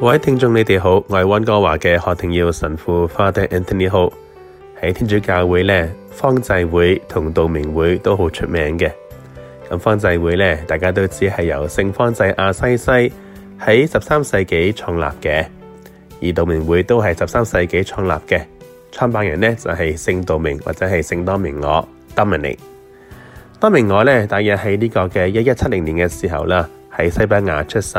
各位聽眾，你哋好，我係溫哥華嘅何庭耀神父 Father Anthony。好，喺天主教會呢，方濟會同道明會都好出名嘅。咁方濟會呢，大家都知係由聖方濟亞西西喺十三世紀創立嘅，而道明會都係十三世紀創立嘅，創辦人呢，就係聖道明或者係聖多明我 Dominic。多明我呢，大約喺呢個嘅一一七零年嘅時候啦，喺西班牙出世。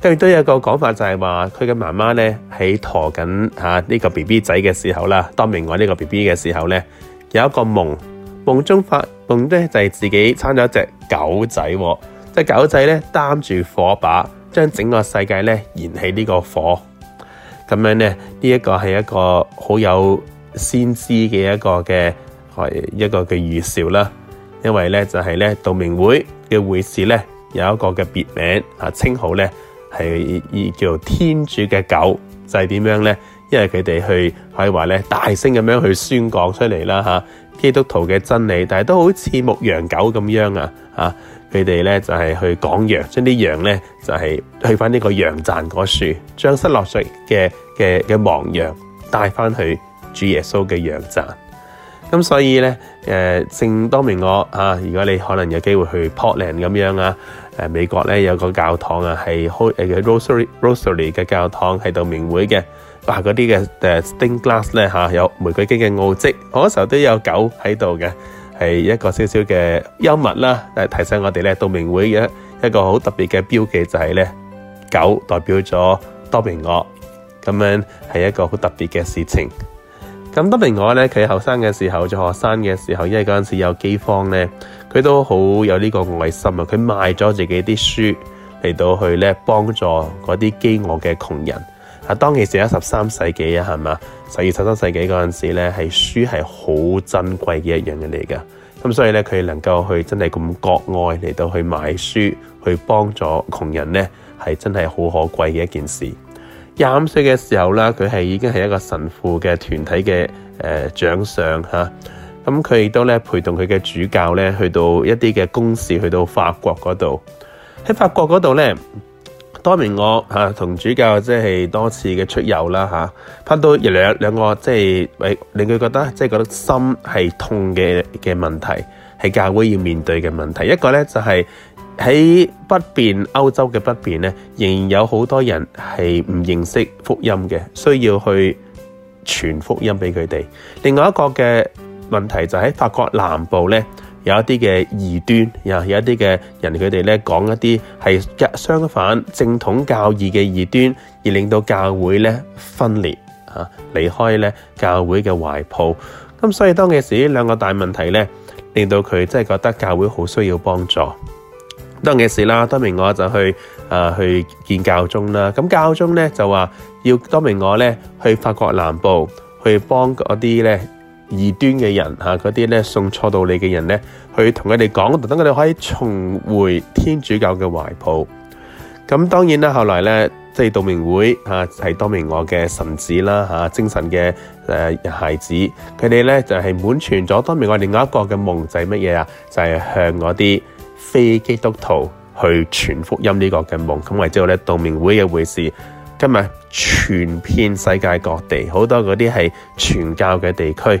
跟住都有一個講法，就係話佢嘅媽媽咧，喺陀緊嚇呢個 B B 仔嘅時候啦，當明我呢個 B B 嘅時候咧，有一個夢夢中發夢咧，就係、是、自己生咗隻狗仔、哦，即係狗仔咧擔住火把，將整個世界咧燃起呢個火。咁樣咧，呢、這個、一個係一個好有先知嘅一個嘅係一個嘅預兆啦。因為咧就係、是、咧，道明會嘅會士咧有一個嘅別名啊稱號咧。係依叫天主嘅狗，就係、是、點樣咧？因為佢哋去可以話咧，大聲咁樣去宣講出嚟啦吓，基督徒嘅真理，但係都好似牧羊狗咁樣啊！吓，佢哋咧就係、是、去講羊，將啲羊咧就係、是、去翻呢個羊站嗰樹，將失落咗嘅嘅嘅亡羊帶翻去主耶穌嘅羊站。咁所以咧，誒、呃，聖多明我啊，如果你可能有機會去波蘭咁樣啊。誒美國咧有個教堂啊，係開誒嘅 Rosary Rosary 嘅教堂係道明會嘅，話嗰啲嘅誒 Stained Glass 咧嚇有玫瑰經嘅奧跡，嗰時候都有狗喺度嘅，係一個少少嘅幽默啦，誒提醒我哋咧，道明會嘅一個好特別嘅標記就係咧，狗代表咗多明我，咁樣係一個好特別嘅事情。咁多明我咧，佢後生嘅時候，做學生嘅時候，因為嗰陣時有饑荒咧。佢都好有呢個愛心啊！佢賣咗自己啲書嚟到去咧幫助嗰啲飢餓嘅窮人啊！當其時喺十三世紀啊，係嘛？十二、十三世紀嗰陣時咧，係書係好珍貴嘅一樣嘢嚟噶。咁所以咧，佢能夠去真係咁博愛嚟到去賣書，去幫助窮人咧，係真係好可貴嘅一件事。廿五歲嘅時候啦，佢係已經係一個神父嘅團體嘅誒長上嚇。咁佢亦都咧，陪同佢嘅主教咧，去到一啲嘅公事，去到法國嗰度。喺法國嗰度咧，當年我吓同主教即係多次嘅出遊啦，吓翻到日兩兩個，即係令令佢覺得即係覺得心係痛嘅嘅問題，係教會要面對嘅問題。一個咧就係、是、喺北邊歐洲嘅北邊咧，仍然有好多人係唔認識福音嘅，需要去傳福音俾佢哋。另外一個嘅。問題就喺法國南部咧，有一啲嘅異端，啊，有一啲嘅人佢哋咧講一啲係相反正統教義嘅異端，而令到教會咧分裂啊，離開咧教會嘅懷抱。咁所以當其時呢兩個大問題咧，令到佢真係覺得教會好需要幫助。當其時啦，當明我就去啊去見教宗啦。咁教宗咧就話要當明我咧去法國南部去幫嗰啲咧。異端嘅人嚇，嗰啲咧送錯到你嘅人咧，去同佢哋講，等佢哋可以重回天主教嘅懷抱。咁當然啦，後來咧，即、就、係、是、道明會嚇係、啊就是、多明我嘅神子啦嚇、啊，精神嘅誒、啊、孩子，佢哋咧就係滿全咗多明我另外一個嘅夢，就係乜嘢啊，就係、是就是、向嗰啲非基督徒去傳福音這個夢呢個嘅夢。咁為之後咧，道明會嘅會士，今日全遍世界各地，好多嗰啲係傳教嘅地區。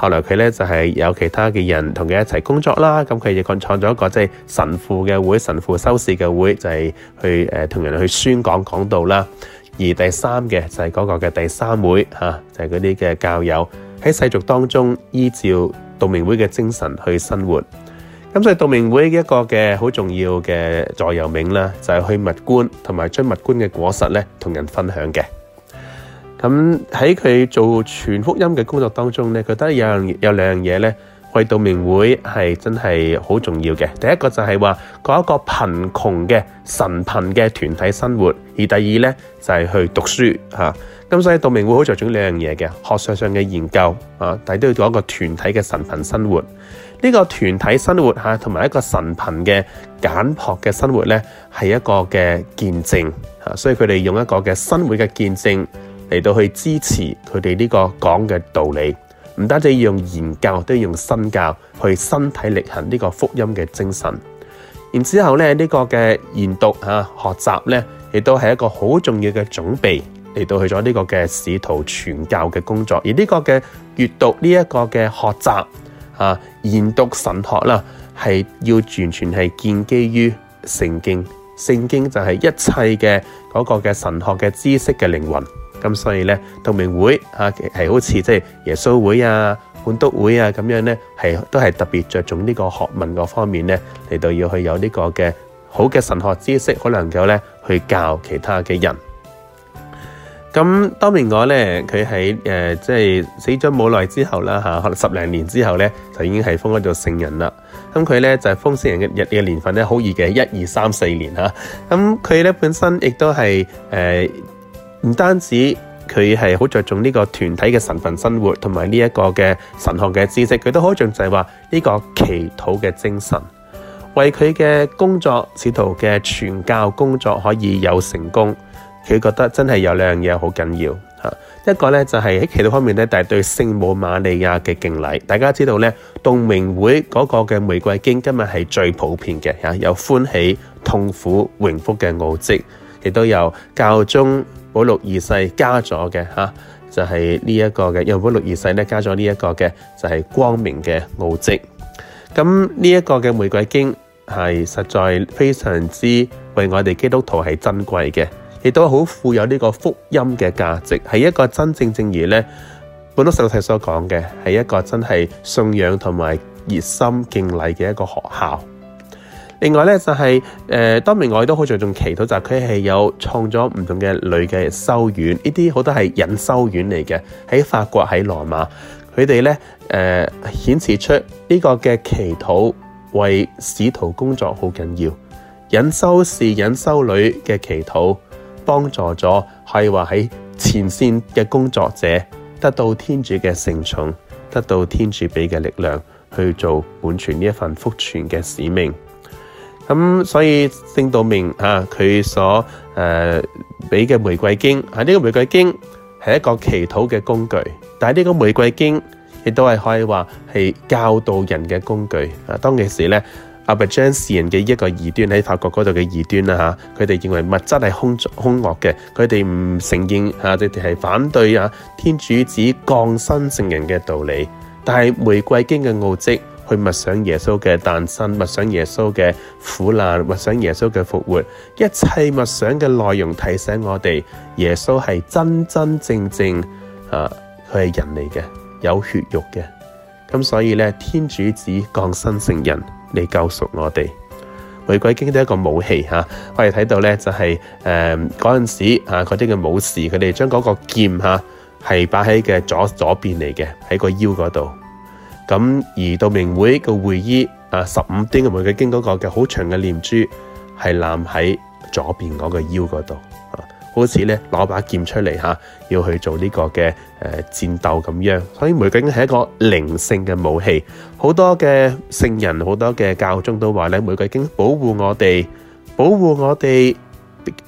後來佢咧就係有其他嘅人同佢一齊工作啦，咁佢亦創創咗一個即係神父嘅會，神父修士嘅會，就係去誒同人去宣講講道啦。而第三嘅就係嗰個嘅第三會吓，就係嗰啲嘅教友喺世俗當中依照道明會嘅精神去生活。咁所以道明會嘅一個嘅好重要嘅座右銘咧，就係去物觀同埋將物觀嘅果實咧同人分享嘅。咁喺佢做全福音嘅工作當中咧，覺得有，有兩樣嘢咧，去道明會，係真係好重要嘅。第一個就係話過一個貧窮嘅神貧嘅團體生活，而第二咧就係、是、去讀書吓。咁、啊、所以道明會好着重兩樣嘢嘅學術上嘅研究啊，但係都要做一個團體嘅神貧生活。呢、這個團體生活吓，同、啊、埋一個神貧嘅簡樸嘅生活咧，係一個嘅見證吓、啊。所以佢哋用一個嘅新會嘅見證。嚟到去支持佢哋呢個講嘅道理，唔單止要用言教，都要用身教去身體力行呢個福音嘅精神。然之後咧，呢、這個嘅研讀嚇、啊、學習咧，亦都係一個好重要嘅準備嚟到去咗呢個嘅使徒傳教嘅工作。而呢個嘅閱讀呢一、這個嘅學習嚇、啊、研讀神學啦，係要完全係建基於聖經。聖經就係一切嘅嗰個嘅神學嘅知識嘅靈魂。咁所以咧，道明會啊，係好似即係耶穌會啊、本篤會啊咁樣咧，係都係特別着重呢個學問嗰方面咧，嚟到要去有呢個嘅好嘅神學知識，可能夠咧去教其他嘅人。咁當年我咧，佢喺誒，即係死咗冇耐之後啦，吓可能十零年之後咧，就已經係封咗做聖人啦。咁佢咧就係封聖人嘅日嘅年份咧，好易嘅一二三四年哈。咁佢咧本身亦都係誒。唔單止佢係好着重呢個團體嘅神份生活，同埋呢一個嘅神學嘅知識，佢都好著重，就係話呢個祈禱嘅精神，為佢嘅工作、使徒嘅傳教工作可以有成功。佢覺得真係有兩樣嘢好緊要嚇，一個咧就係、是、喺祈禱方面咧，但係對聖母瑪利亞嘅敬禮。大家知道咧，道明會嗰個嘅玫瑰經，今日係最普遍嘅嚇，有歡喜、痛苦、榮福嘅奧跡，亦都有教宗保祿二世加咗嘅吓，就係、是、呢一個嘅，因為保祿二世咧加咗呢一個嘅，就係、是、光明嘅奧跡。咁呢一個嘅玫瑰經係實在非常之為我哋基督徒係珍貴嘅，亦都好富有呢個福音嘅價值，係一個真正正如咧，本篤十六世所講嘅，係一個真係信仰同埋熱心敬禮嘅一個學校。另外呢，就係、是、誒、呃，當明我亦都好着重祈禱，就係佢係有創咗唔同嘅女嘅修院，呢啲好多係隱修院嚟嘅，喺法國、喺羅馬。佢哋咧誒，顯示出呢個嘅祈禱為使徒工作好緊要。隱修士、隱修女嘅祈禱，幫助咗可以話喺前線嘅工作者得到天主嘅聖寵，得到天主俾嘅力量去做完成呢一份福傳嘅使命。咁所以聖道明啊，佢所誒俾嘅玫瑰經，喺呢個玫瑰經係一個祈禱嘅工具，但係呢個玫瑰經亦都係可以話係教導人嘅工具。啊，當其時咧，阿伯將聖人嘅一個異端喺法國嗰度嘅異端啦吓，佢哋認為物質係兇兇惡嘅，佢哋唔承認吓，佢哋係反對啊天主子降生成人嘅道理，但係玫瑰經嘅奧蹟。去默想耶穌嘅誕生，默想耶穌嘅苦難，默想耶穌嘅復活，一切默想嘅內容提醒我哋，耶穌係真真正正啊，佢係人嚟嘅，有血肉嘅。咁所以咧，天主子降生成人嚟救贖我哋。玫瑰經都一個武器吓，我哋睇到咧就係誒嗰陣時啊，嗰啲嘅武士佢哋將嗰個劍吓係擺喺嘅左左邊嚟嘅，喺個腰嗰度。咁而道明會個會衣，啊，十五端嘅玫瑰經嗰個嘅好長嘅念珠係攬喺左邊嗰個腰嗰度，好似咧攞把劍出嚟要去做呢個嘅誒戰鬥咁樣。所以玫瑰經係一個靈性嘅武器，好多嘅聖人，好多嘅教宗都話咧，玫瑰經保護我哋，保護我哋。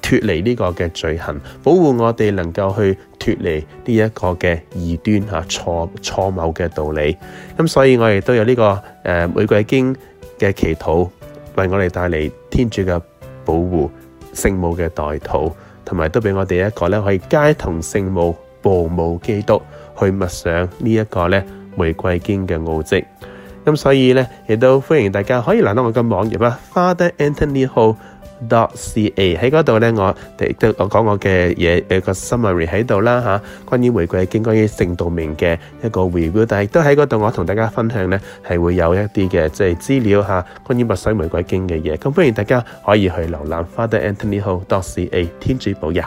脱離呢個嘅罪行，保護我哋能夠去脱離呢一個嘅異端啊錯錯謬嘅道理。咁、嗯、所以我哋都有呢、這個誒、呃、玫瑰經嘅祈禱，為我哋帶嚟天主嘅保護，聖母嘅代禱，同埋都俾我哋一個咧可以偕同聖母、母,母基督去默想這呢一個咧玫瑰經嘅奧蹟。咁、嗯、所以咧亦都歡迎大家可以嚟到我嘅網頁啊，Father Anthony 號。dot.ca 喺嗰度咧，我亦都我講我嘅嘢，有個 summary 喺度啦嚇。關於玫瑰經，關於聖道明嘅一個 review，但係都喺嗰度，我同大家分享咧，係會有一啲嘅即係資料嚇、啊，關於墨水玫瑰經嘅嘢。咁歡迎大家可以去瀏覽 Father Anthony Ho dot ca 天主保佑。